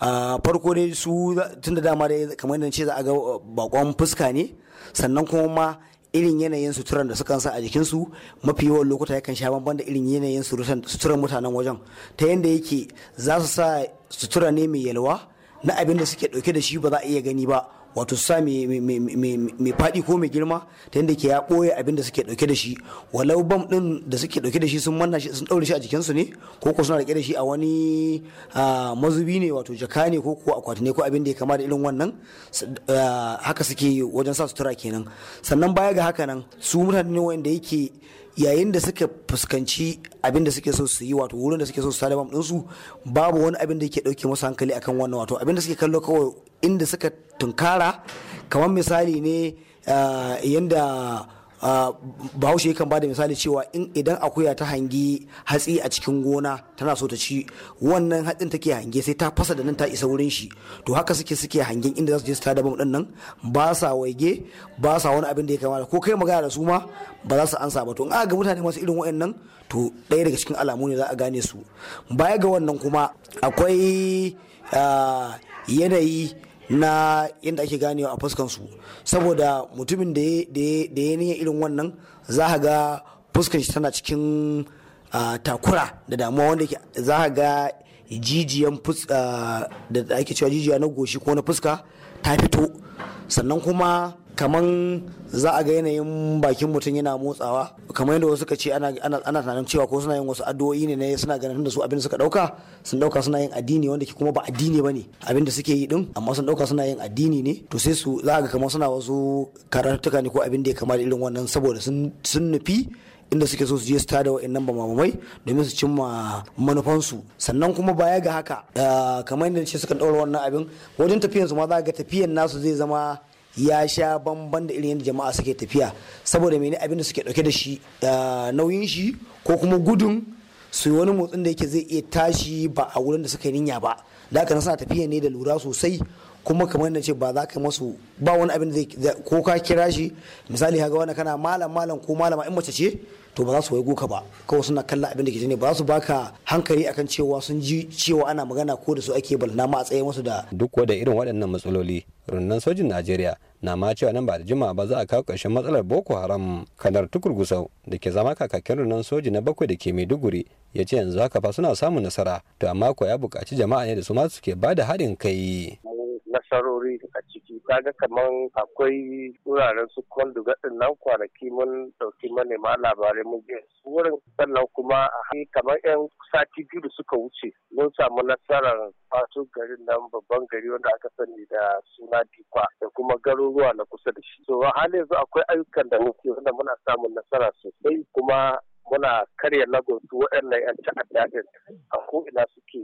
a farko dai su tun da dama dai kamar yadda ce za a ga uh, bakon fuska ne sannan kuma ma irin yanayin suturan da sukan sa a jikinsu mafi yawan lokuta yakan sha banban da irin yanayin suturan mutanen wajen ta yadda yake za su sa sutura ne mai yalwa na abin da suke dauke da shi ba za a iya gani ba wato sa mai faɗi ko mai girma ta yadda ke ya ɓoye abin da suke ɗauke da shi walau bam ɗin da suke ɗauke da shi sun manna shi sun ɗaure shi a jikinsu ne ko ko suna riƙe da shi a wani mazubi ne wato jaka ne ko ko akwati ne ko abin da ya kama da irin wannan haka suke wajen sa sutura kenan sannan baya ga haka nan su mutane ne wanda yake yayin da suka fuskanci abin da suke so su yi wato wurin da suke so su sada bam ɗinsu babu wani abin da yake ɗauke musu hankali akan wannan wato abin da suke kallo kawai inda suka tunkara kamar misali ne ah, yadda ah, bahaushe ba da misali cewa idan akuya ta hangi hatsi a cikin gona tana so ta ci wannan hatsin take hange sai ta fasa da nan ta isa wurin shi to haka suke suke hangen inda za su je su tada bam nan ba sa waige ba sa wani abin da ya kamata ko kai magana da su ma ba za su ansa ba to in ga mutane masu irin wayannan to ɗaya daga cikin alamu ne za a gane su baya ga wannan kuma akwai ah, yanayi na yadda ake ganewa a fuskansu saboda mutumin da ya niyan irin wannan za a ga fuskan shi tana cikin takura da damuwa wanda za a ga jijiyan da ake cewa jijiya na goshi ko na fuska ta fito sannan kuma kaman za a ga yanayin bakin mutum yana motsawa kamar yadda wasu ka ce ana tunanin cewa ko suna yin wasu addu'o'i ne suna ganin da su abin suka dauka sun dauka suna yin addini wanda ke kuma ba addini bane abin da suke yi din amma sun dauka suna yin addini ne to sai su za ga kamar suna wasu karatuka ne ko abin da ya kama da irin wannan saboda sun nufi inda suke so su je su tada wa'annan ba mamamai domin su cimma manufansu sannan kuma baya ga haka ah, kamar yadda ce sukan ɗaura wannan abin wajen tafiyan su ma za ga tafiyan nasu zai zama ya sha bamban da irin yadda jama'a suke tafiya saboda mene abin da suke dauke da shi ah, nauyin shi ko kuma gudun su wani motsin da yake zai iya tashi ba a wurin da suka yi ninya ba da haka na suna tafiya ne da lura sosai kuma kamar na ce ba za ka masu ba wani abin da ko ka kira shi misali haka wani kana malam malam ko malama in mace ce to ba za su waigo ka ba kawai suna kalla abin da ke ne ba za su baka hankali akan cewa sun ji cewa ana magana ko da su ake balna ma a tsaye masu da duk da irin waɗannan matsaloli rundunar sojin Najeriya na ma cewa nan ba da jima ba za a kawo ƙarshen matsalar Boko Haram kanar tukurgusau da ke zama kakakin rundunar soji na bakwai da ke Maiduguri ya ce yanzu haka fa suna samun nasara to amma ko ya buƙaci jama'a ne da su ma suke ba da haɗin kai nasarori a ciki kaga kamar akwai wuraren su kwanduga gaɗin nan kwanaki mun ɗauki manema labarai mun je wurin sannan kuma a kamar yan sati biyu da suka wuce mun samu nasarar fato garin nan babban gari wanda aka sani da suna dikwa da kuma garuruwa na kusa da shi so halin yanzu akwai ayyukan da muke wanda muna samun nasara sosai kuma muna karya lagun waɗanda waɗannan 'yan ta'adda ɗin a ina suke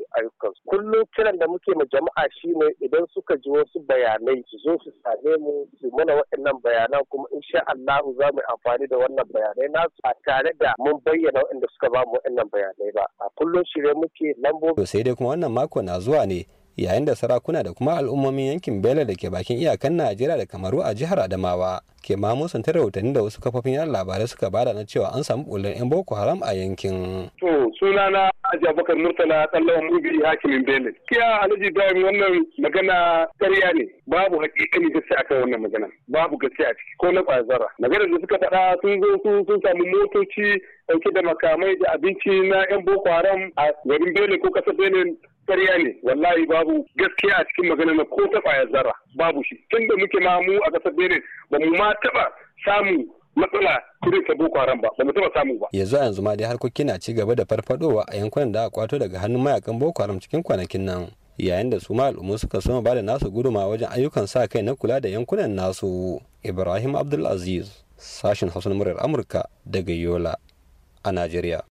su, Kullum kiran da muke ma jama'a shine idan suka ji wasu bayanai su zo su same mu su mana waɗannan bayanan kuma in insha Allahu za mu amfani da wannan bayanai nasu a tare da mun bayyana waɗanda suka ba mu waɗannan bayanai ba. A kullum shirye muke lambobi. sai dai kuma wannan mako na zuwa ne yayin da sarakuna da kuma al'ummomin yankin bela da ke bakin iyakan najeriya da kamaru a jihar adamawa ke ma musanta rahotanni da wasu kafofin yan labarai suka bada na cewa an samu bullar yan boko haram a yankin. to sunana ajiya bakar Murtala Tsallawa Mubi Hakimin Bele. Kiya Alhaji Ibrahim wannan magana karya ne babu gaske a kan wannan magana babu gaskiya a ciki ko na ƙwazara. Maganar da suka faɗa sun zo sun samu motoci dauke da makamai da abinci na 'yan Boko Haram a garin Bele ko kasar Bele ƙarya ne wallahi babu gaskiya a cikin magana na ko ta ya zara babu shi tun da muke ma mu a ƙasar benin ba mu ma taɓa samu matsala kudin ta boko haram ba ba mu taɓa samu ba yanzu a yanzu ma dai harkokin na ci gaba da farfadowa a yankunan da aka kwato daga hannun mayakan boko haram cikin kwanakin nan yayin da su ma al'ummu suka soma ba da nasu guduma wajen ayyukan sa kai na kula da yankunan nasu ibrahim abdulaziz sashen hausa muryar amurka daga yola a najeriya